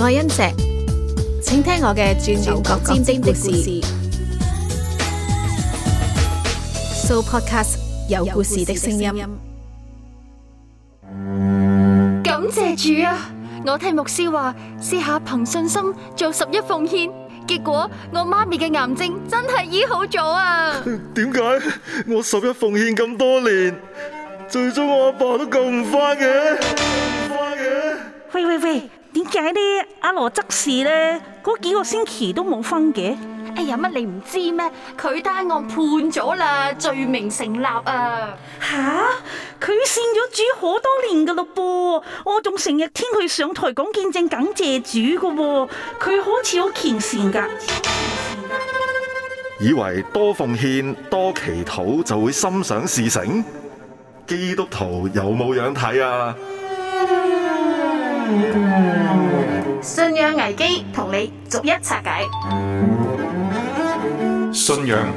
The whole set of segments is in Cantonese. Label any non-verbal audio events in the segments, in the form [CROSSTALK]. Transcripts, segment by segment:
愛恩石，請聽我嘅轉轉角尖尖的故事。So podcast 有故事的聲音。感謝主啊！我聽牧師話，試下憑信心做十一奉獻，結果我媽咪嘅癌症真係醫好咗啊！點解我十一奉獻咁多年，最終我阿爸都救唔返嘅？喂喂喂！點解呢？阿羅則士呢？嗰幾個星期都冇分嘅？哎呀，乜你唔知咩？佢單案判咗啦，罪名成立啊！吓、啊，佢善咗主好多年噶咯噃，我仲成日聽佢上台講見證感謝主噶，佢好似好虔善噶以為多奉獻多祈禱就會心想事成？基督徒有冇樣睇啊？信仰危機同你逐一拆解。信仰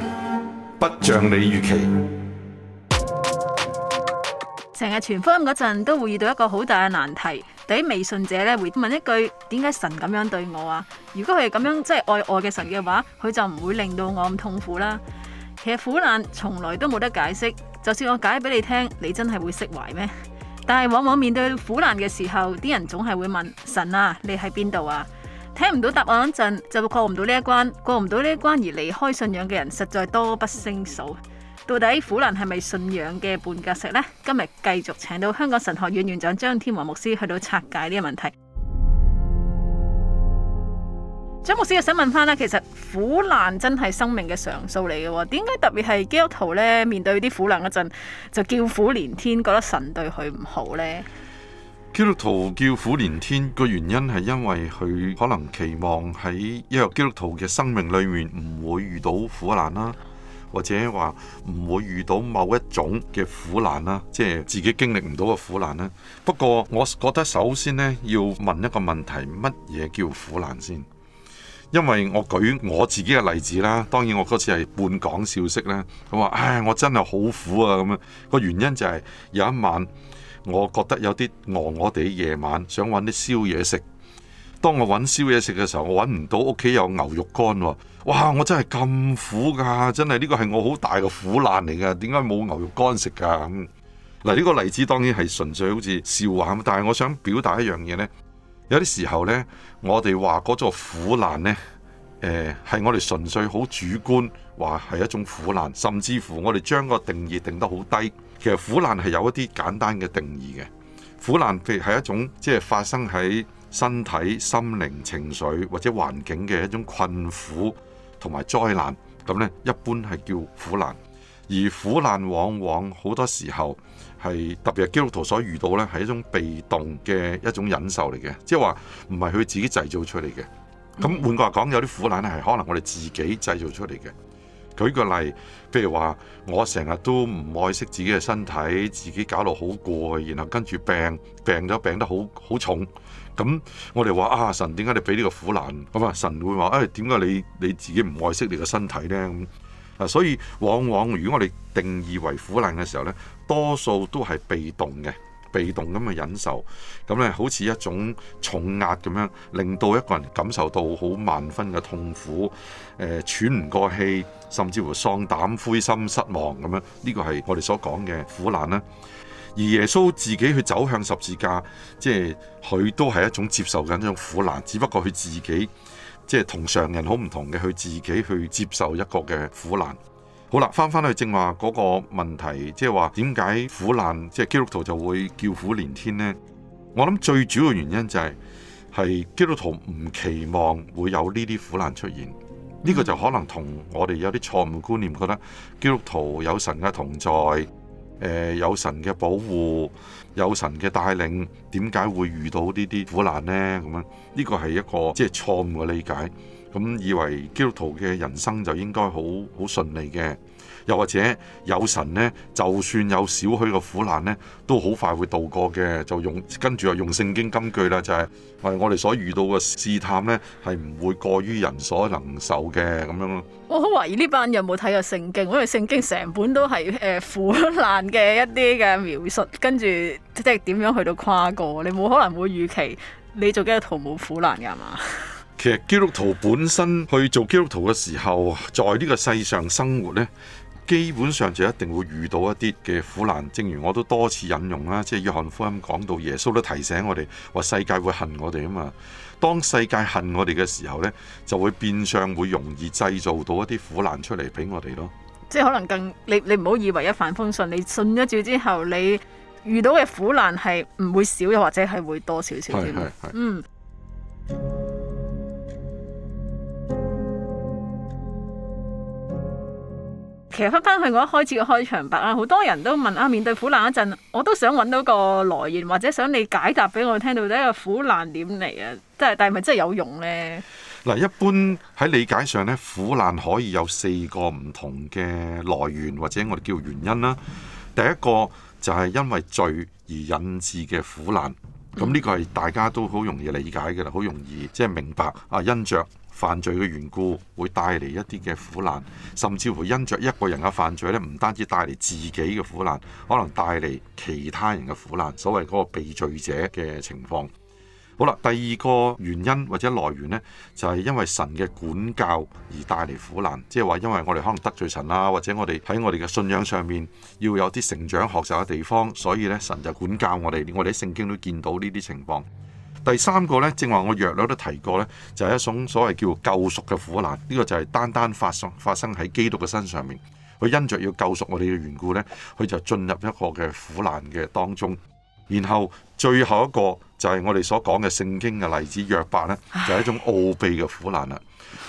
不像你預期，成日傳福音嗰陣都會遇到一個好大嘅難題。啲未信者咧會問一句：點解神咁樣對我啊？如果佢係咁樣即係愛愛嘅神嘅話，佢就唔會令到我咁痛苦啦。其實苦難從來都冇得解釋，就算我解釋俾你聽，你真係會釋懷咩？但係往往面對苦難嘅時候，啲人總係會問神啊，你喺邊度啊？聽唔到答案嗰陣，就過唔到呢一關，過唔到呢一關而離開信仰嘅人實在多不勝數。到底苦難係咪信仰嘅絆腳石呢？今日繼續請到香港神學院院長張天和牧師去到拆解呢個問題。張牧師，又想問翻啦，其實苦難真係生命嘅常數嚟嘅。點解特別係基督徒咧，面對啲苦難嗰陣就叫苦連天，覺得神對佢唔好咧？基督徒叫苦連天個原因係因為佢可能期望喺一個基督徒嘅生命裏面唔會遇到苦難啦，或者話唔會遇到某一種嘅苦難啦，即係自己經歷唔到嘅苦難啦。不過我覺得首先呢，要問一個問題：乜嘢叫苦難先？因為我舉我自己嘅例子啦，當然我嗰次係半講笑式啦。咁話，唉，我真係好苦啊！咁樣個原因就係有一晚，我覺得有啲餓，我哋夜晚想揾啲宵夜食。當我揾宵夜食嘅時候，我揾唔到屋企有牛肉乾喎。哇！我真係咁苦㗎、啊，真係呢、呢個係我好大嘅苦難嚟㗎。點解冇牛肉乾食㗎？咁嗱，呢個例子當然係純粹好似笑話，但係我想表達一樣嘢呢。有啲時候呢，我哋話嗰個苦難呢，誒、呃、係我哋純粹好主觀話係一種苦難，甚至乎我哋將個定義定得好低。其實苦難係有一啲簡單嘅定義嘅，苦難譬如係一種即係發生喺身體、心靈、情緒或者環境嘅一種困苦同埋災難，咁呢，一般係叫苦難。而苦難往往好多時候，係特別係基督徒所遇到呢，係一種被動嘅一種忍受嚟嘅，即係話唔係佢自己製造出嚟嘅。咁換句話講，有啲苦難係可能我哋自己製造出嚟嘅。舉個例，譬如話我成日都唔愛惜自己嘅身體，自己搞到好攰，然後跟住病，病咗病，病得好好重。咁我哋話啊，神點解你俾呢個苦難？咁啊，神會話：誒，點解你你自己唔愛惜你嘅身體呢？」」所以往往如果我哋定義為苦難嘅時候呢多數都係被動嘅，被動咁去忍受，咁咧好似一種重壓咁樣，令到一個人感受到好萬分嘅痛苦，呃、喘唔過氣，甚至乎喪膽灰心失望咁樣，呢個係我哋所講嘅苦難啦。而耶穌自己去走向十字架，即係佢都係一種接受緊一種苦難，只不過佢自己。即係同常人好唔同嘅，去自己去接受一個嘅苦難。好啦，翻翻去正話嗰個問題，即係話點解苦難即係、就是、基督徒就會叫苦連天呢？我諗最主要原因就係、是、係基督徒唔期望會有呢啲苦難出現。呢、這個就可能同我哋有啲錯誤觀念，覺得基督徒有神嘅同在，誒有神嘅保護。有神嘅帶領，點解會遇到呢啲苦難呢？咁樣呢個係一個即係、就是、錯誤嘅理解。咁以為基督徒嘅人生就應該好好順利嘅，又或者有神呢，就算有少許嘅苦難呢，都好快會渡過嘅。就用跟住又用聖經金句啦，就係、係、我哋所遇到嘅試探呢，係唔會過於人所能受嘅咁樣。我好懷疑呢班人有冇睇過聖經，因為聖經成本都係誒、呃、苦難嘅一啲嘅描述，跟住即係點樣去到跨過？你冇可能會預期你做基督徒冇苦難㗎嘛？其實基督徒本身去做基督徒嘅時候，在呢個世上生活呢，基本上就一定會遇到一啲嘅苦難。正如我都多次引用啦，即係約翰福音講到耶穌都提醒我哋，話世界會恨我哋啊嘛。當世界恨我哋嘅時候呢，就會變相會容易製造到一啲苦難出嚟俾我哋咯。即係可能更你你唔好以為一帆風順，你信咗住之後，你遇到嘅苦難係唔會少，又或者係會多少少啲。嗯。其實翻翻去我一開始嘅開場白啊，好多人都問啊，面對苦難一陣，我都想揾到個來源，或者想你解答俾我聽到，呢個苦難點嚟啊？即係但係咪真係有用呢？嗱，一般喺理解上呢，苦難可以有四個唔同嘅來源，或者我哋叫原因啦。第一個就係因為罪而引致嘅苦難，咁、嗯、呢個係大家都好容易理解嘅啦，好容易即係明白啊，因着。犯罪嘅緣故會帶嚟一啲嘅苦難，甚至乎因着一個人嘅犯罪呢，唔單止帶嚟自己嘅苦難，可能帶嚟其他人嘅苦難，所謂嗰個被罪者嘅情況。好啦，第二個原因或者來源呢，就係因為神嘅管教而帶嚟苦難，即係話因為我哋可能得罪神啊，或者我哋喺我哋嘅信仰上面要有啲成長學習嘅地方，所以呢，神就管教我哋，我哋喺聖經都見到呢啲情況。第三個咧，正話我約略都提過咧，就係一種所謂叫救贖嘅苦難，呢個就係單單發生發生喺基督嘅身上面，佢因着要救贖我哋嘅緣故咧，佢就進入一個嘅苦難嘅當中。然後最後一個就係我哋所講嘅聖經嘅例子，約伯咧就係一種奧秘嘅苦難啦。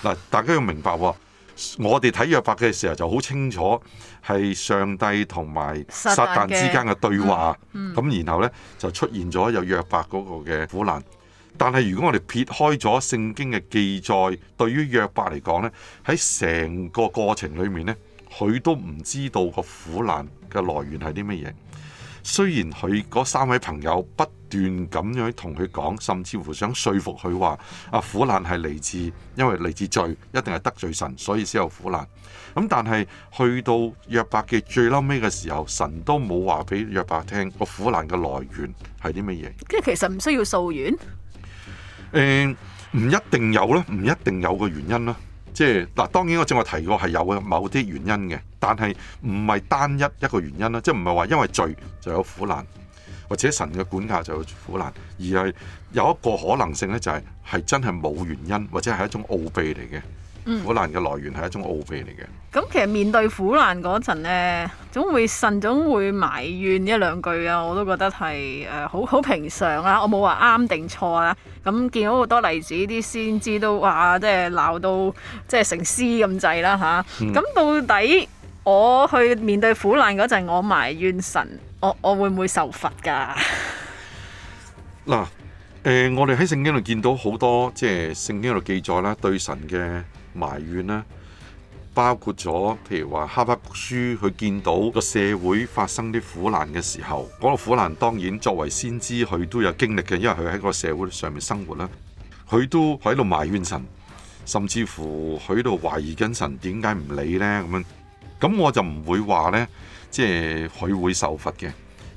嗱，大家要明白，哦。我哋睇約伯嘅時候就好清楚係上帝同埋撒旦之間嘅對話，咁然後呢，就出現咗有約伯嗰個嘅苦難。但係如果我哋撇開咗聖經嘅記載，對於約伯嚟講呢，喺成個過程裡面呢，佢都唔知道個苦難嘅來源係啲乜嘢。雖然佢嗰三位朋友不斷咁樣同佢講，甚至乎想說服佢話啊苦難係嚟自，因為嚟自罪，一定係得罪神，所以先有苦難。咁但係去到約伯嘅最嬲尾嘅時候，神都冇話俾約伯聽個苦難嘅來源係啲乜嘢。即係其實唔需要溯源，嗯，唔一定有啦，唔一定有個原因啦。即係嗱，當然我正話提過係有某啲原因嘅，但係唔係單一一個原因啦，即係唔係話因為罪就有苦難，或者神嘅管教就有苦難，而係有一個可能性咧、就係，就係係真係冇原因，或者係一種奧秘嚟嘅。苦難嘅來源係一種奧秘嚟嘅。咁其實面對苦難嗰陣咧，總會神總會埋怨一兩句啊，我都覺得係誒好好平常啦。我冇話啱定錯啊。咁見到好多例子啲先知都話，即係鬧到即係成屍咁滯啦吓。咁、啊嗯、到底我去面對苦難嗰陣，我埋怨神，我我會唔會受罰㗎？嗱、呃，誒、呃，我哋喺聖經度見到好多即係聖經度記載啦，對神嘅。埋怨啦，包括咗譬如話哈巴谷書，佢見到個社會發生啲苦難嘅時候，𠮶 個苦難當然作為先知佢都有經歷嘅，因為佢喺個社會上面生活啦，佢都喺度埋怨神，甚至乎佢喺度懷疑緊神點解唔理咧咁樣，咁我就唔會話咧，即係佢會受罰嘅，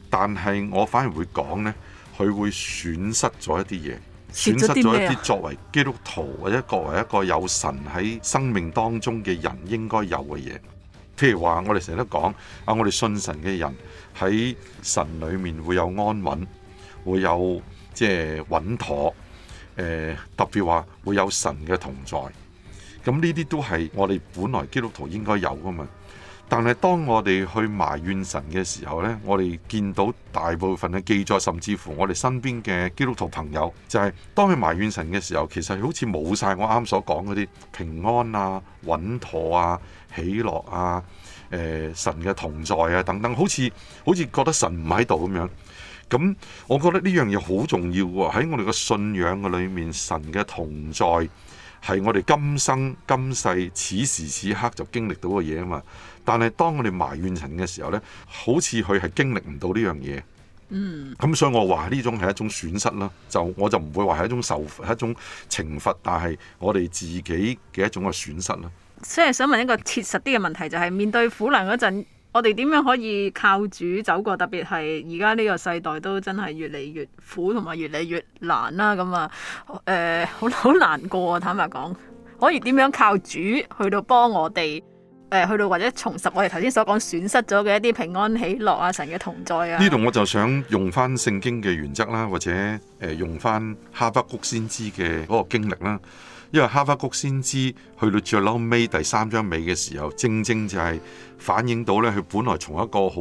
但係我反而會講咧，佢會損失咗一啲嘢。損失咗一啲作為基督徒或者作為一個有神喺生命當中嘅人應該有嘅嘢，譬如話我哋成日都講啊，我哋信神嘅人喺神裏面會有安穩，會有即係穩妥，誒，特別話會有神嘅同在，咁呢啲都係我哋本來基督徒應該有㗎嘛。但係當我哋去埋怨神嘅時候呢，我哋見到大部分嘅記載，甚至乎我哋身邊嘅基督徒朋友，就係、是、當佢埋怨神嘅時候，其實好似冇晒我啱所講嗰啲平安啊、穩妥啊、喜樂啊、誒、呃、神嘅同在啊等等，好似好似覺得神唔喺度咁樣。咁我覺得呢樣嘢好重要喎，喺我哋嘅信仰裏面，神嘅同在。係我哋今生今世此時此刻就經歷到嘅嘢啊嘛！但係當我哋埋怨人嘅時候呢，好似佢係經歷唔到呢樣嘢。嗯，咁所以我話呢種係一種損失啦。就我就唔會話係一種受係一種懲罰，但係我哋自己嘅一種嘅損失啦。所以想問一個切實啲嘅問題，就係面對苦難嗰陣，我哋點樣可以靠主走過？特別係而家呢個世代都真係越嚟越苦同埋越嚟越難啦！咁啊，誒、呃，好好難過啊！坦白講，可以點樣靠主去到幫我哋？誒、呃，去到或者重拾我哋頭先所講損失咗嘅一啲平安喜樂啊，神嘅同在啊！呢度我就想用翻聖經嘅原則啦，或者誒用翻哈巴谷先知嘅嗰個經歷啦。因為哈巴谷先知去到最後尾第三章尾嘅時候，正正就係反映到呢。佢本來從一個好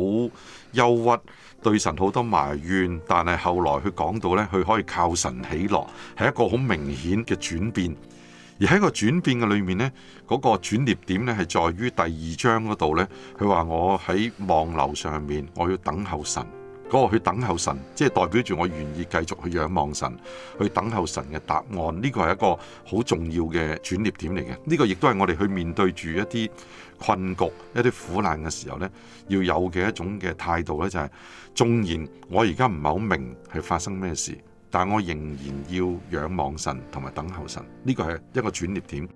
憂鬱、對神好多埋怨，但係後來佢講到呢，佢可以靠神起落，係一個好明顯嘅轉變。而喺個轉變嘅裏面呢，嗰個轉捩點呢，係在於第二章嗰度呢，佢話我喺望樓上面，我要等候神。嗰、那個去等候神，即係代表住我願意繼續去仰望神，去等候神嘅答案。呢、這個係一個好重要嘅轉捩點嚟嘅。呢、這個亦都係我哋去面對住一啲困局、一啲苦難嘅時候呢，要有嘅一種嘅態度呢就係、是、縱然我而家唔係好明係發生咩事，但我仍然要仰望神同埋等候神。呢、這個係一個轉捩點，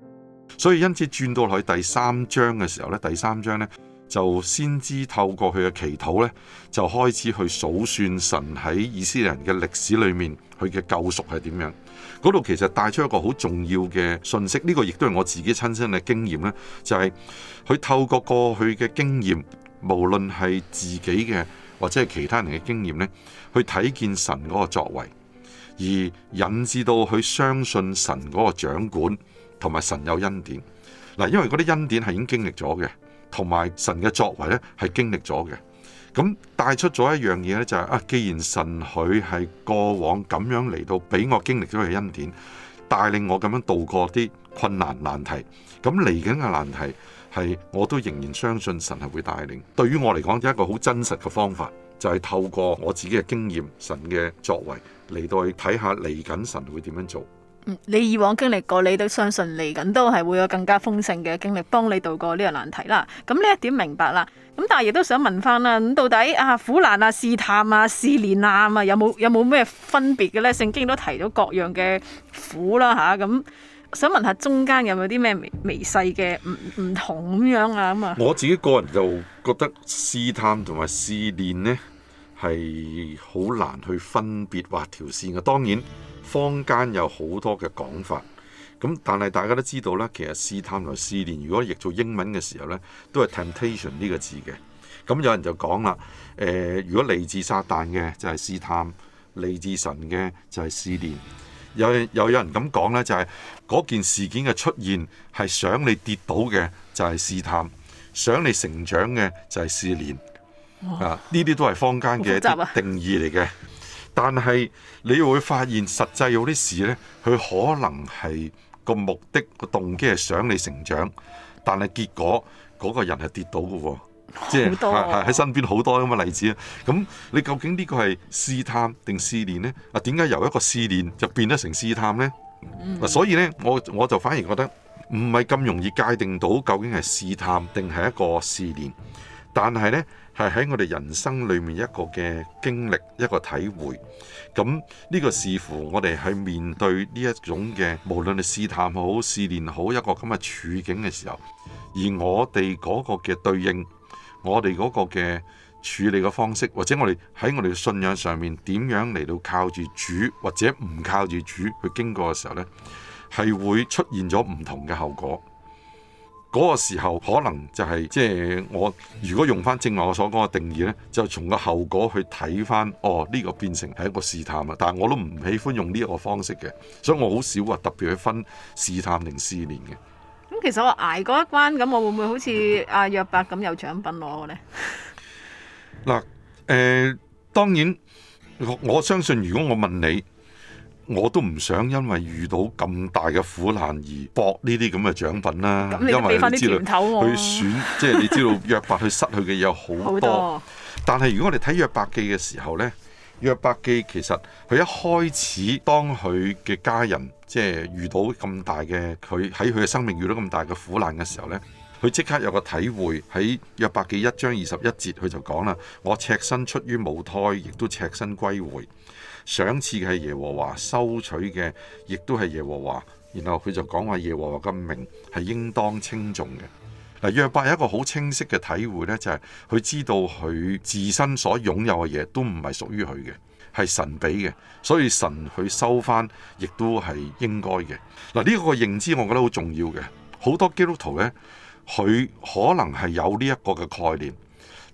所以因此轉到去第三章嘅時候呢，第三章呢。就先知透過佢嘅祈禱呢，就開始去數算神喺以色列人嘅歷史裏面佢嘅救贖係點樣。嗰度其實帶出一個好重要嘅信息，呢、呢個亦都係我自己親身嘅經驗呢就係、係、佢透過過去嘅經驗，無論係自己嘅或者係其他人嘅經驗呢去睇見神嗰個作為，而引致到佢相信神嗰個掌管同埋神有恩典。嗱，因為嗰啲恩典係已經經歷咗嘅。同埋神嘅作為咧，係經歷咗嘅。咁帶出咗一樣嘢咧，就係、是、啊，既然神佢係過往咁樣嚟到俾我經歷咗嘅恩典，帶領我咁樣度過啲困難難題。咁嚟緊嘅難題係我都仍然相信神係會帶領。對於我嚟講，有一個好真實嘅方法就係、是、透過我自己嘅經驗，神嘅作為嚟到去睇下嚟緊神會點樣做。你以往經歷過，你都相信嚟緊都係會有更加豐盛嘅經歷，幫你度過呢個難題啦。咁呢一點明白啦。咁但係亦都想問翻啦，咁到底啊苦難啊試探啊試煉啊啊有冇有冇咩分別嘅咧？聖經都提到各樣嘅苦啦吓，咁、啊啊啊啊、想問下中間有冇啲咩微細嘅唔唔同咁樣啊咁啊？我自己個人就覺得試探同埋試煉呢係好難去分別畫條線嘅，當然。坊間有好多嘅講法，咁但係大家都知道咧，其實試探同試煉，如果譯做英文嘅時候咧，都係 temptation 呢個字嘅。咁有人就講啦，誒、呃，如果嚟自撒旦嘅就係試探，嚟自神嘅就係試煉。有、又有人咁講咧，就係、是、嗰件事件嘅出現係想你跌倒嘅就係試探，想你成長嘅就係試煉。啊，呢啲都係坊間嘅定義嚟嘅。但係你會發現，實際有啲事呢，佢可能係個目的、個動機係想你成長，但係結果嗰、那個人係跌倒嘅喎，即係喺身邊好多咁、啊、嘅、就是、例子。咁你究竟呢個係試探定試練呢？啊，點解由一個試練就變得成試探呢、嗯？所以呢，我我就反而覺得唔係咁容易界定到究竟係試探定係一個試練，但係呢。係喺我哋人生裏面一個嘅經歷，一個體會。咁呢個視乎我哋係面對呢一種嘅，無論你試探好、試煉好一個咁嘅處境嘅時候，而我哋嗰個嘅對應，我哋嗰個嘅處理嘅方式，或者我哋喺我哋嘅信仰上面點樣嚟到靠住主，或者唔靠住主去經過嘅時候，呢係會出現咗唔同嘅後果。嗰、那個時候可能就係、是、即係我如果用翻正話我所講嘅定義呢，就從個後果去睇翻哦，呢、這個變成係一個試探啊！但係我都唔喜歡用呢個方式嘅，所以我好少話特別去分試探定試練嘅。咁其實我捱嗰一關，咁我會唔會好似阿約伯咁有獎品攞嘅咧？嗱， [LAUGHS] 誒、呃、當然，我我相信如果我問你。我都唔想因為遇到咁大嘅苦難而博呢啲咁嘅獎品啦。因為你知道佢選即係你知道約伯去失去嘅嘢有好多，但係如果我哋睇約伯記嘅時候呢，約伯記其實佢一開始當佢嘅家人即係遇到咁大嘅佢喺佢嘅生命遇到咁大嘅苦難嘅時候呢，佢即刻有個體會喺約伯記一章二十一節，佢就講啦：我赤身出於母胎，亦都赤身歸回。賞賜嘅係耶和華，收取嘅亦都係耶和華。然後佢就講話耶和華嘅名係應當稱頌嘅。嗱，約伯有一個好清晰嘅體會呢，就係、是、佢知道佢自身所擁有嘅嘢都唔係屬於佢嘅，係神俾嘅。所以神佢收翻，亦都係應該嘅。嗱，呢個認知我覺得好重要嘅。好多基督徒呢，佢可能係有呢一個嘅概念，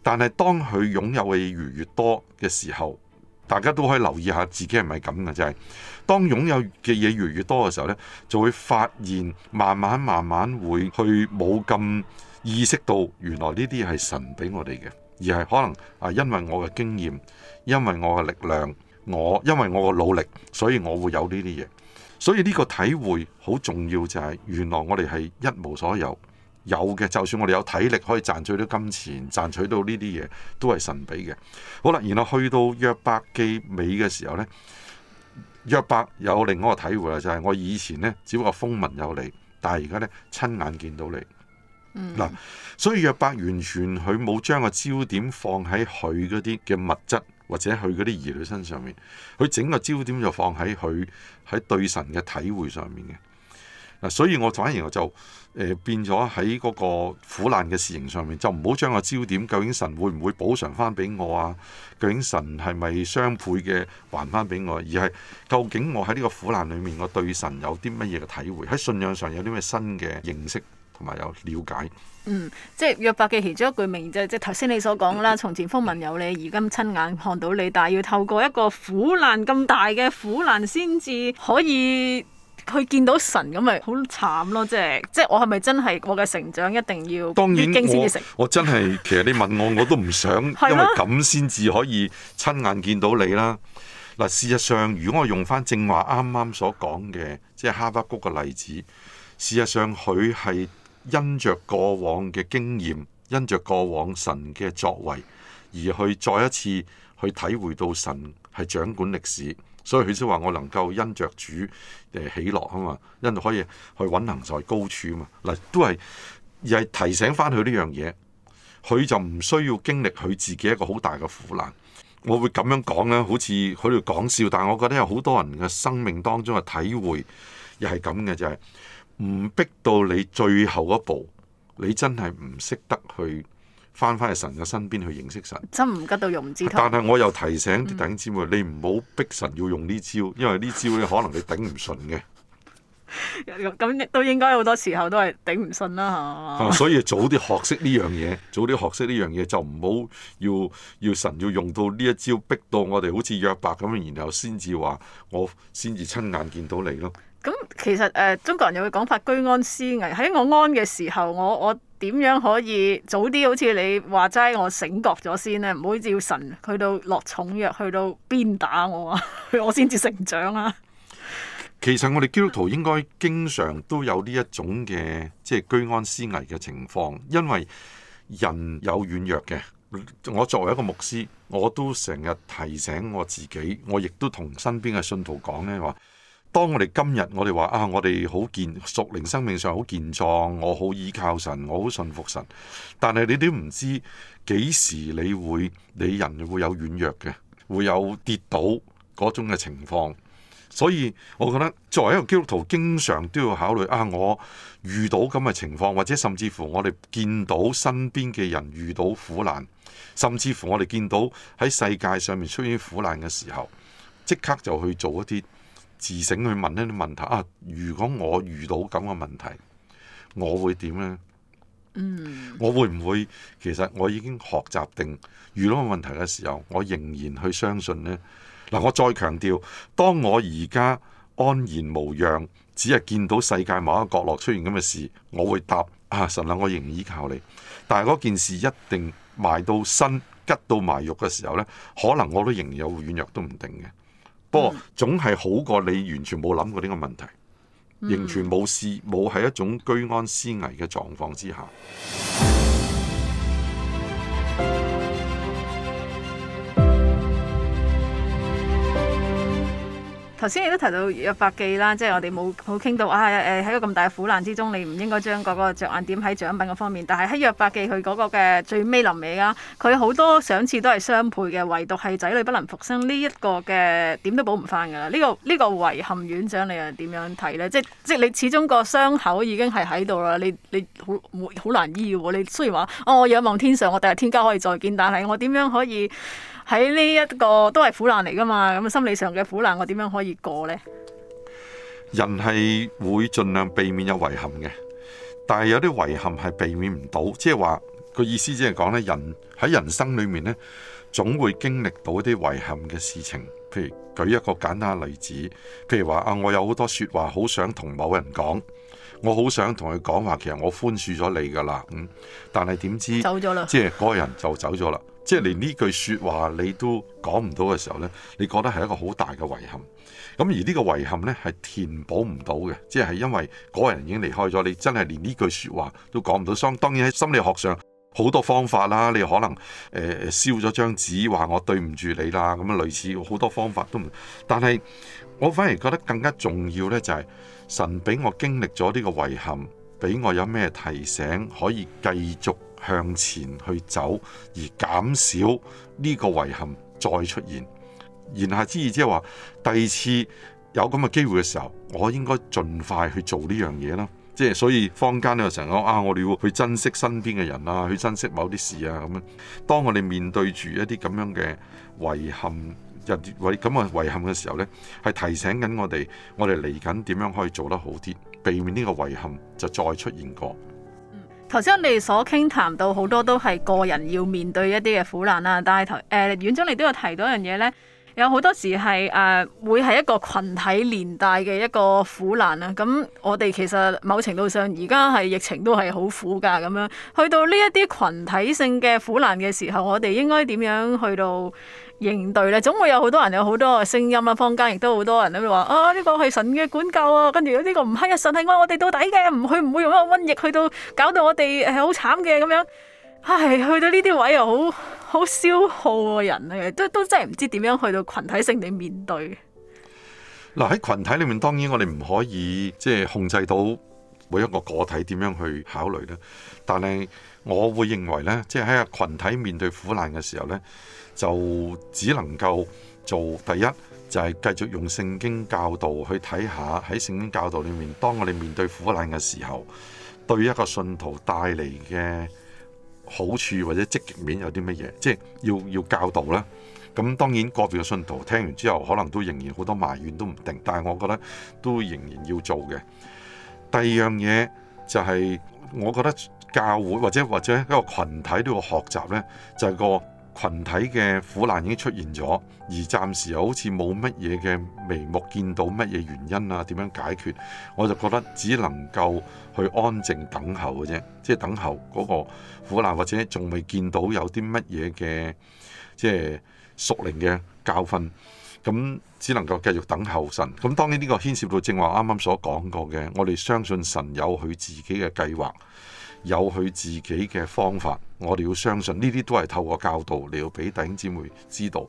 但係當佢擁有嘅越越多嘅時候。大家都可以留意下自己係咪咁嘅，就係當擁有嘅嘢越來越多嘅時候咧，就會發現慢慢慢慢會去冇咁意識到，原來呢啲係神俾我哋嘅，而係可能啊因為我嘅經驗，因為我嘅力量，我因為我嘅努力，所以我會有呢啲嘢。所以呢個體會好重要，就係原來我哋係一無所有。有嘅，就算我哋有體力可以賺取到金錢，賺取到呢啲嘢都係神俾嘅。好啦，然後去到約伯記尾嘅時候呢，約伯有另一個體會啦，就係我以前呢，只不過風聞有你，但係而家呢，親眼見到你。嗯，嗱，所以約伯完全佢冇將個焦點放喺佢嗰啲嘅物質或者佢嗰啲兒女身上面，佢整個焦點就放喺佢喺對神嘅體會上面嘅。嗱，所以我反而我就誒變咗喺嗰個苦難嘅事情上面，就唔好將個焦點究竟神會唔會補償翻俾我啊？究竟神係咪雙倍嘅還翻俾我？而係究竟我喺呢個苦難裡面，我對神有啲乜嘢嘅體會？喺信仰上有啲咩新嘅認識同埋有了解？嗯，即係約伯嘅其中一句名就係即係頭先你所講啦，從前風聞有你，而今親眼看到你，但係要透過一個苦難咁大嘅苦難先至可以。佢見到神咁咪好慘咯，即係即係我係咪真係我嘅成長一定要經？當然我我真係其實你問我我都唔想， [LAUGHS] 因為咁先至可以親眼見到你啦。嗱，事實上如果我用翻正話啱啱所講嘅，即係哈巴谷嘅例子，事實上佢係因着過往嘅經驗，因着過往神嘅作為，而去再一次去體會到神係掌管歷史。所以佢先話，我能夠因着主，誒，喜樂啊嘛，因為可以去穩行在高處啊嘛。嗱，都係又係提醒翻佢呢樣嘢，佢就唔需要經歷佢自己一個好大嘅苦難。我會咁樣講咧，好似佢哋講笑，但係我覺得有好多人嘅生命當中嘅體會又係咁嘅，就係、是、唔逼到你最後一步，你真係唔識得去。返返去神嘅身邊去認識神，真唔吉到用唔知。但係我又提醒啲弟兄姊妹，嗯、你唔好逼神要用呢招，因為呢招咧可能你頂唔順嘅。咁 [LAUGHS] 都應該好多時候都係頂唔順啦，係嘛？所以早啲學識呢樣嘢， [LAUGHS] 早啲學識呢樣嘢就唔好要要，要神要用到呢一招，逼到我哋好似約伯咁樣，然後先至話我先至親眼見到你咯。咁其實誒、呃，中國人有個講法居安思危。喺我安嘅時候，我我點樣可以早啲？好似你話齋，我醒覺咗先呢？唔好照神去到落重藥，去到鞭打我啊，我先至成長啊！其實我哋基督徒應該經常都有呢一種嘅即係居安思危嘅情況，因為人有軟弱嘅。我作為一個牧師，我都成日提醒我自己，我亦都同身邊嘅信徒講呢話。當我哋今日我哋話啊，我哋好健屬靈生命上好健壯，我好依靠神，我好信服神。但係你都唔知幾時你會你人會有軟弱嘅，會有跌倒嗰種嘅情況。所以我覺得作為一個基督徒，經常都要考慮啊，我遇到咁嘅情況，或者甚至乎我哋見到身邊嘅人遇到苦難，甚至乎我哋見到喺世界上面出現苦難嘅時候，即刻就去做一啲。自省去問一啲問題啊！如果我遇到咁嘅問題，我會點呢？Mm. 我會唔會其實我已經學習定遇到問題嘅時候，我仍然去相信呢？嗱、啊，我再強調，當我而家安然無恙，只係見到世界某一個角落出現咁嘅事，我會答啊！神啊，我仍然依靠你。但係嗰件事一定埋到身，吉到埋肉嘅時候呢，可能我都仍然有軟弱都唔定嘅。不過，總係好過你完全冇諗過呢個，嗯嗯嗯、個問題，完全冇事，冇喺一種居安思危嘅狀況之下。頭先亦都提到《約伯記》啦、就是，即係我哋冇冇傾到啊喺個咁大嘅苦難之中，你唔應該將嗰個着眼點喺獎品嗰方面。但係喺《約伯記》佢嗰個嘅最尾臨尾啦，佢好多賞賜都係雙倍嘅，唯獨係仔女不能復生呢一、這個嘅點都補唔翻㗎啦。呢、這個呢、這個遺憾院長你又點樣睇呢？即即係你始終個傷口已經係喺度啦，你你好好難醫喎。你雖然話哦，我仰望天上，我第日天家可以再見，但係我點樣可以？喺呢一個都係苦難嚟噶嘛，咁心理上嘅苦難，我點樣可以過呢？人係會盡量避免有遺憾嘅，但係有啲遺憾係避免唔到，即係話個意思即係講咧，人喺人生裏面咧，總會經歷到一啲遺憾嘅事情。譬如舉一個簡單嘅例子，譬如話啊，我有好多說話好想同某人講，我好想同佢講話，其實我寬恕咗你噶啦，嗯，但係點知即係嗰個人就走咗啦。即係連呢句説話你都講唔到嘅時候呢，你覺得係一個好大嘅遺憾。咁而呢個遺憾呢，係填補唔到嘅，即係因為嗰個人已經離開咗，你真係連呢句説話都講唔到。當當然喺心理學上好多方法啦，你可能誒、呃、燒咗張紙話我對唔住你啦，咁樣類似好多方法都。唔。但係我反而覺得更加重要呢，就係神俾我經歷咗呢個遺憾，俾我有咩提醒可以繼續，向前去走，而減少呢個遺憾再出現。言下之意即係話，第二次有咁嘅機會嘅時候，我應該盡快去做呢樣嘢啦。即係所以坊間咧成日講啊，我哋要去珍惜身邊嘅人啊，去珍惜某啲事啊咁樣。當我哋面對住一啲咁樣嘅遺憾，入啲遺咁嘅遺憾嘅時候呢，係提醒緊我哋，我哋嚟緊點樣可以做得好啲，避免呢個遺憾就再出現過。頭先我哋所傾談到好多都係個人要面對一啲嘅苦難啊，但係頭誒，院長你都有提到一樣嘢咧。有好多時係誒、啊、會係一個群體年代嘅一個苦難啊！咁我哋其實某程度上而家係疫情都係好苦㗎咁樣，去到呢一啲群體性嘅苦難嘅時候，我哋應該點樣去到應對呢？總會有好多人有好多聲音間也很多啊！坊間亦都好多人咧話啊，呢個係神嘅管教啊！跟住呢個唔係啊，神係愛我哋到底嘅，唔去唔會用一個瘟疫去到搞到我哋誒好慘嘅咁樣。唉，去到呢啲位又好。好消耗個人咧，都都真係唔知點樣去到群體性地面對。嗱、啊、喺群體裏面，當然我哋唔可以即係、就是、控制到每一個個體點樣去考慮啦。但係我會認為咧，即係喺個群體面對苦難嘅時候咧，就只能夠做第一就係、是、繼續用聖經教導去睇下喺聖經教導裏面，當我哋面對苦難嘅時候，對一個信徒帶嚟嘅。好處或者積極面有啲乜嘢，即係要要教導啦。咁當然個別嘅信徒聽完之後，可能都仍然好多埋怨都唔定，但係我覺得都仍然要做嘅。第二樣嘢就係我覺得教會或者或者一個群體都要學習咧，就係個。群體嘅苦難已經出現咗，而暫時又好似冇乜嘢嘅眉目，見到乜嘢原因啊？點樣解決？我就覺得只能夠去安靜等候嘅啫，即係等候嗰個苦難，或者仲未見到有啲乜嘢嘅即係屬靈嘅教訓，咁只能夠繼續等候神。咁當然呢個牽涉到正話啱啱所講過嘅，我哋相信神有佢自己嘅計劃。有佢自己嘅方法，我哋要相信呢啲都係透過教導，你要俾弟兄姊妹知道。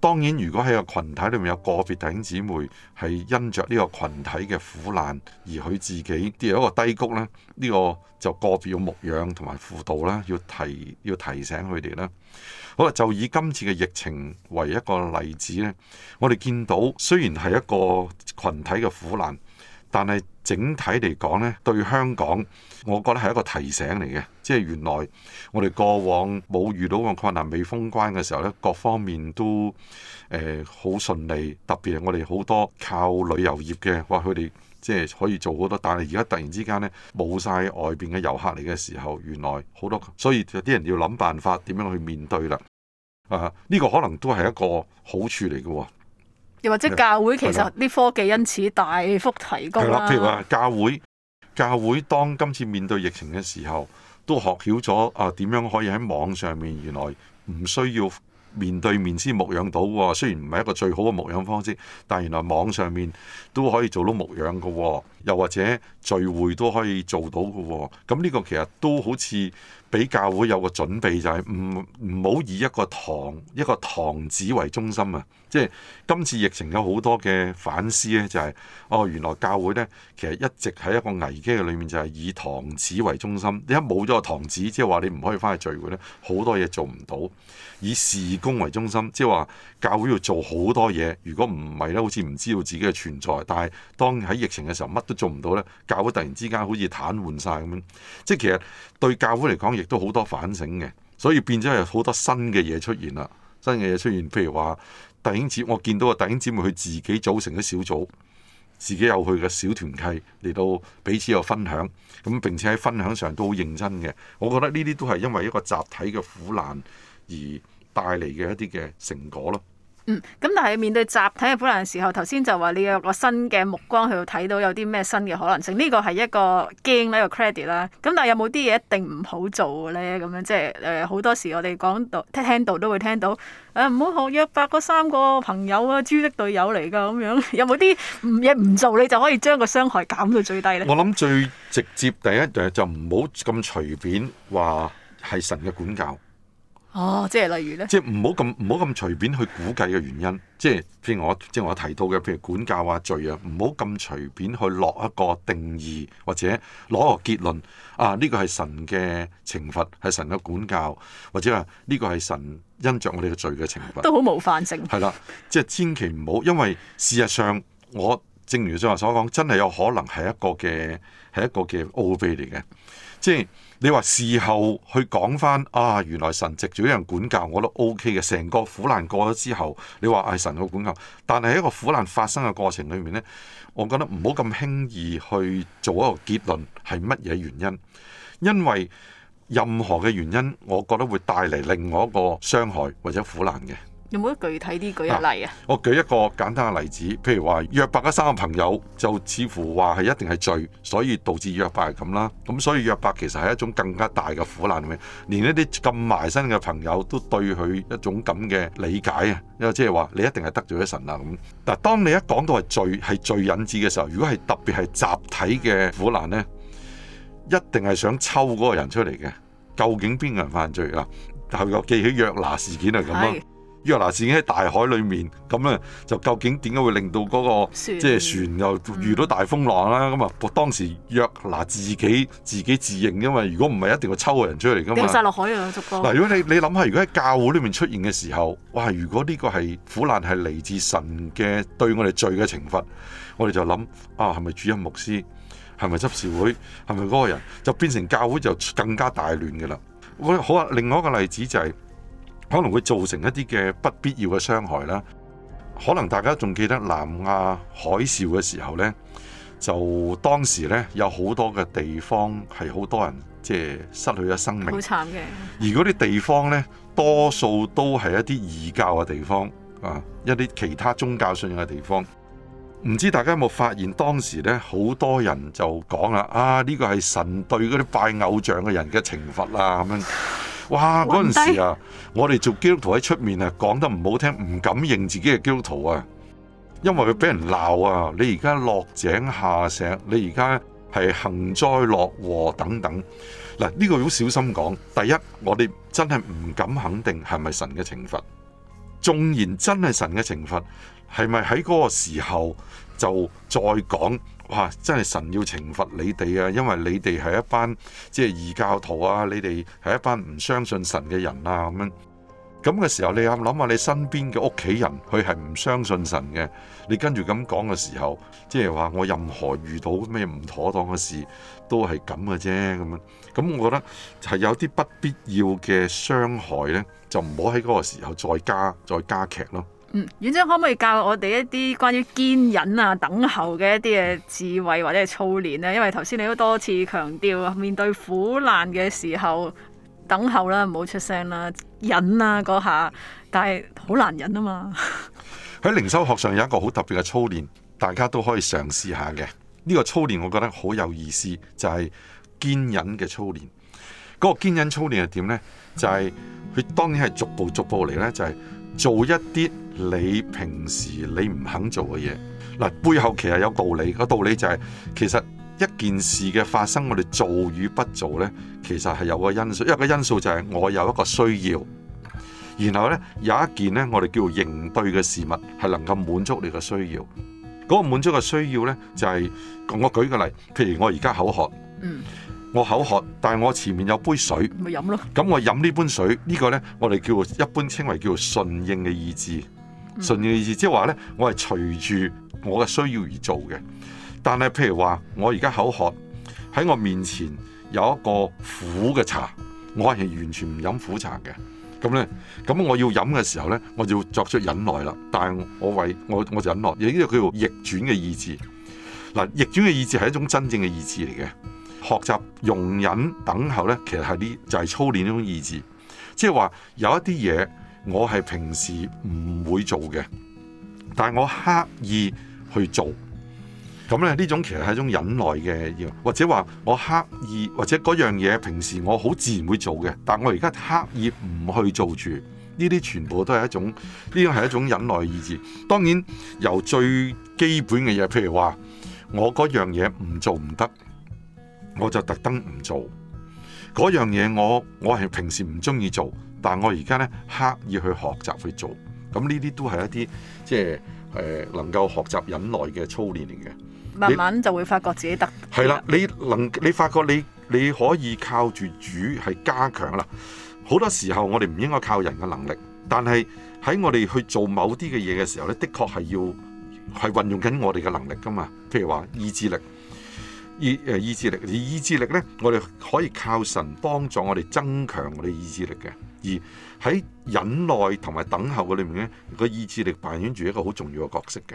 當然，如果喺個群體裏面有個別弟兄姊妹係因着呢個群體嘅苦難而佢自己跌一個低谷呢，呢、呢個就個別嘅牧養同埋輔導啦，要提要提醒佢哋啦。好啦，就以今次嘅疫情為一個例子呢，我哋見到雖然係一個群體嘅苦難。但係整體嚟講呢對香港，我覺得係一個提醒嚟嘅，即係原來我哋過往冇遇到個困難，未封關嘅時候呢各方面都誒好順利，特別係我哋好多靠旅遊業嘅，話佢哋即係可以做好多，但係而家突然之間呢，冇晒外邊嘅遊客嚟嘅時候，原來好多，所以有啲人要諗辦法點樣去面對啦。呢個可能都係一個好處嚟嘅喎。又或者教會其實啲科技因此大幅提高。譬如話教會，教會當今次面對疫情嘅時候，都學曉咗啊點樣可以喺網上面，原來唔需要面對面先牧養到喎、哦。雖然唔係一個最好嘅牧養方式，但原來網上面都可以做到牧養嘅、哦。又或者聚會都可以做到嘅、哦。咁呢個其實都好似俾教會有個準備就，就係唔唔好以一個堂一個堂子為中心啊。即係今次疫情有好多嘅反思咧，就係、是、哦，原來教會咧其實一直喺一個危機嘅裏面，就係以堂子為中心。你一冇咗個堂子，即係話你唔可以翻去聚會咧，好多嘢做唔到。以事工為中心，即係話教會要做好多嘢。如果唔係咧，好似唔知道自己嘅存在。但係當喺疫情嘅時候，乜都做唔到咧，教會突然之間好似癱瘓晒咁樣。即係其實對教會嚟講，亦都好多反省嘅，所以變咗有好多新嘅嘢出現啦。新嘅嘢出現，譬如話。弟兄姊妹，我見到啊，弟兄姊妹佢自己組成嘅小組，自己有佢嘅小團契嚟，到彼此有分享，咁並且喺分享上都好認真嘅。我覺得呢啲都係因為一個集體嘅苦難而帶嚟嘅一啲嘅成果咯。咁、嗯、但係面對集體嘅可能時候，頭先就話你有個新嘅目光去睇到有啲咩新嘅可能性，呢個係一個驚呢一個 credit 啦。咁但係有冇啲嘢一定唔好做嘅咧？咁樣即係誒，好、呃、多時我哋講到聽到都會聽到，誒唔好學約伯嗰三個朋友啊，豬的隊友嚟噶咁樣。有冇啲唔嘢唔做，你就可以將個傷害減到最低咧？我諗最直接第一就就唔好咁隨便話係神嘅管教。哦，即係例如咧，即係唔好咁唔好咁隨便去估計嘅原因，即係譬如我即係我提到嘅譬如管教啊罪啊，唔好咁隨便去落一個定義或者攞個結論啊，呢個係神嘅懲罰，係神嘅管教，或者話呢個係神因着我哋嘅罪嘅懲罰，都好冒犯性係啦，即係千祈唔好，因為事實上我正如正話所講，真係有可能係一個嘅係一個嘅奧秘嚟嘅，即係。你話事後去講翻啊，原來神藉住一樣管教我都 O K 嘅，成個苦難過咗之後，你話係神嘅管教。但係喺一個苦難發生嘅過程裏面呢，我覺得唔好咁輕易去做一個結論係乜嘢原因，因為任何嘅原因，我覺得會帶嚟另外一個傷害或者苦難嘅。有冇得具體啲？舉一例啊，啊！我舉一個簡單嘅例子，譬如話約伯嘅三個朋友就似乎話係一定係罪，所以導致約伯係咁啦。咁所以約伯其實係一種更加大嘅苦難嘅，連一啲咁埋身嘅朋友都對佢一種咁嘅理解啊。因即係話你一定係得罪咗神啦。咁但當你一講到係罪係罪引致嘅時候，如果係特別係集體嘅苦難呢，一定係想抽嗰個人出嚟嘅。究竟邊個人犯罪啊？但係又記起約拿事件係咁咯。約拿自己喺大海裏面，咁咧就究竟點解會令到嗰、那個即係船、就是、船又遇到大風浪啦、啊？咁、嗯、啊，當時約拿自己自己自認噶嘛？如果唔係，一定要抽個人出嚟噶嘛？掉晒落海啊！嗱，如果你你諗下，如果喺教會裏面出現嘅時候，哇！如果呢個係苦難係嚟自神嘅對我哋罪嘅懲罰，我哋就諗啊，係咪主任牧師？係咪執事會？係咪嗰個人？就變成教會就更加大亂噶啦！我好啊，另外一個例子就係、是。可能會造成一啲嘅不必要嘅傷害啦。可能大家仲記得南亞海嘯嘅時候呢，就當時呢有好多嘅地方係好多人即係失去咗生命，好慘嘅。而嗰啲地方呢，多數都係一啲異教嘅地方啊，一啲其他宗教信仰嘅地方。唔知大家有冇發現當時呢好多人就講啦啊，啊，呢個係神對嗰啲拜偶像嘅人嘅懲罰啦，啊，咁樣。哇！嗰陣時啊，我哋做基督徒喺出面啊，講得唔好聽，唔敢認自己嘅基督徒啊，因為佢俾人鬧啊。你而家落井下石，你而家係幸災樂禍等等。嗱，呢個要小心講。第一，我哋真係唔敢肯定係咪神嘅懲罰。縱然真係神嘅懲罰，係咪喺嗰個時候就再講？哇！真係神要懲罰你哋啊，因為你哋係一班即係異教徒啊，你哋係一班唔相信神嘅人啊，咁樣咁嘅時候，你有諗下你身邊嘅屋企人，佢係唔相信神嘅？你跟住咁講嘅時候，即係話我任何遇到咩唔妥當嘅事，都係咁嘅啫，咁樣咁，我覺得係有啲不必要嘅傷害呢，就唔好喺嗰個時候再加再加劇咯。嗯，院長可唔可以教我哋一啲關於堅忍啊、等候嘅一啲嘅智慧或者係操練呢？因為頭先你都多次強調，面對苦難嘅時候，等候啦，唔好出聲啦，忍啊嗰下，但係好難忍啊嘛。喺靈修學上有一個好特別嘅操練，大家都可以嘗試下嘅。呢個操練我覺得好有意思，就係堅忍嘅操練。嗰個堅忍操練係點呢？就係佢當然係逐步逐步嚟，呢就係做一啲。你平時你唔肯做嘅嘢，嗱，背後其實有道理。個道理就係、是、其實一件事嘅發生，我哋做與不做呢，其實係有個因素。因一個因素就係我有一個需要，然後呢有一件呢，我哋叫做應對嘅事物係能夠滿足你嘅需要。嗰、那個滿足嘅需要呢，就係、是、我舉個例，譬如我而家口渴，嗯，我口渴，但係我前面有杯水，咪飲咯。咁我飲呢杯水，呢、這個呢，我哋叫做一般稱為叫做順應嘅意志。順嘅意思，即係話咧，我係隨住我嘅需要而做嘅。但係譬如話，我而家口渴，喺我面前有一個苦嘅茶，我係完全唔飲苦茶嘅。咁咧，咁我要飲嘅時候咧，我就要作出忍耐啦。但係我為我我就忍耐，呢個叫逆轉嘅意志。嗱，逆轉嘅意志係一種真正嘅意志嚟嘅。學習容忍等候咧，其實係呢就係操練呢種意志。即係話有一啲嘢。我係平時唔會做嘅，但係我刻意去做，咁咧呢種其實係一種忍耐嘅嘢，或者話我刻意，或者嗰樣嘢平時我好自然會做嘅，但我而家刻意唔去做住，呢啲全部都係一種呢種係一種忍耐意志。當然由最基本嘅嘢，譬如話我嗰樣嘢唔做唔得，我就特登唔做。嗰樣嘢我我係平時唔中意做。但我而家咧刻意去學習去做，咁呢啲都係一啲即係誒、呃、能夠學習忍耐嘅操練嚟嘅，慢慢就會發覺自己得係啦。你能你發覺你你可以靠住主係加強啦。好多時候我哋唔應該靠人嘅能力，但係喺我哋去做某啲嘅嘢嘅時候咧，的確係要係運用緊我哋嘅能力㗎嘛。譬如話意志力，意、誒、意志力，意志力咧，我哋可以靠神幫助我哋增強我哋意志力嘅。而喺忍耐同埋等候嘅裏面咧，個意志力扮演住一個好重要嘅角色嘅。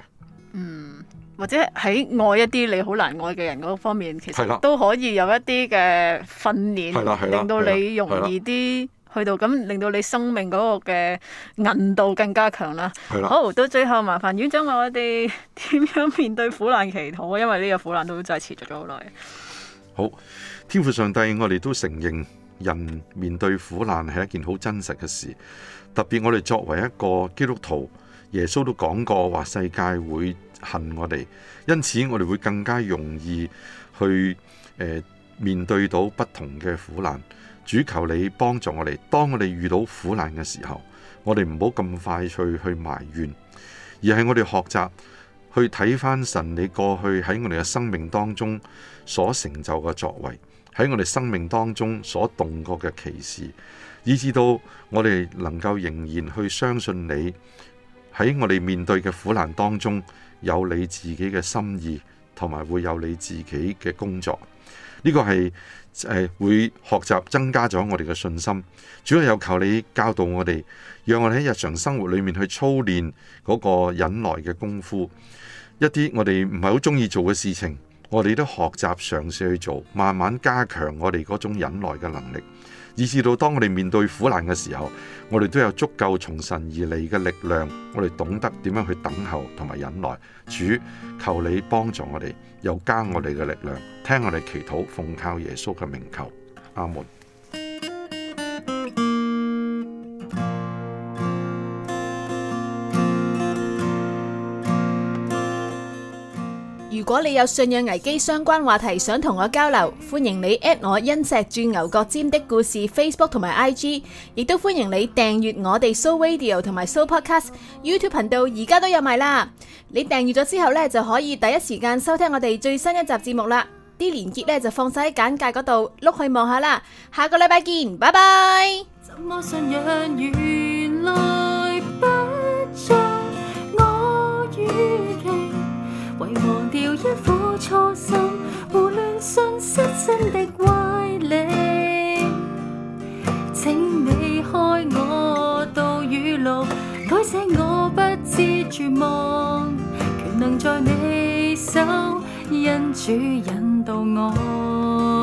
嗯，或者喺愛一啲你好難愛嘅人嗰方面，其實都可以有一啲嘅訓練，令到你容易啲去到，咁令到你生命嗰個嘅韌度更加強啦。好，到最後麻煩院長問我哋點樣面對苦難祈禱，因為呢個苦難都真係持續咗好耐。好，天父上帝，我哋都承認。人面對苦難係一件好真實嘅事，特別我哋作為一個基督徒，耶穌都講過話世界會恨我哋，因此我哋會更加容易去、呃、面對到不同嘅苦難。主求你幫助我哋，當我哋遇到苦難嘅時候，我哋唔好咁快去去埋怨，而係我哋學習去睇翻神，你過去喺我哋嘅生命當中所成就嘅作為。喺我哋生命當中所動過嘅歧視，以至到我哋能夠仍然去相信你喺我哋面對嘅苦難當中，有你自己嘅心意，同埋會有你自己嘅工作。呢、這個係誒會學習增加咗我哋嘅信心。主要有求你教導我哋，讓我哋喺日常生活裏面去操練嗰個忍耐嘅功夫，一啲我哋唔係好中意做嘅事情。我哋都學習嘗試去做，慢慢加強我哋嗰種忍耐嘅能力，以至到當我哋面對苦難嘅時候，我哋都有足夠從神而嚟嘅力量。我哋懂得點樣去等候同埋忍耐。主，求你幫助我哋，又加我哋嘅力量。聽我哋祈禱，奉靠耶穌嘅名求，阿門。如果你有信仰危機相關話題想同我交流，歡迎你 at 我《因石鑽牛角尖的故事》Facebook 同埋 IG，亦都歡迎你訂閱我哋 Show Radio 同埋 Show Podcast YouTube 頻道，而家都有埋啦。你訂閱咗之後呢，就可以第一時間收聽我哋最新一集節目啦。啲連結呢就放晒，喺簡介嗰度，碌去望下啦。下個禮拜見，拜拜。苦顆初心，胡亂信失真的歪理，請你開我道與路，改寫我不知絕望，權能在你手，因主引導我。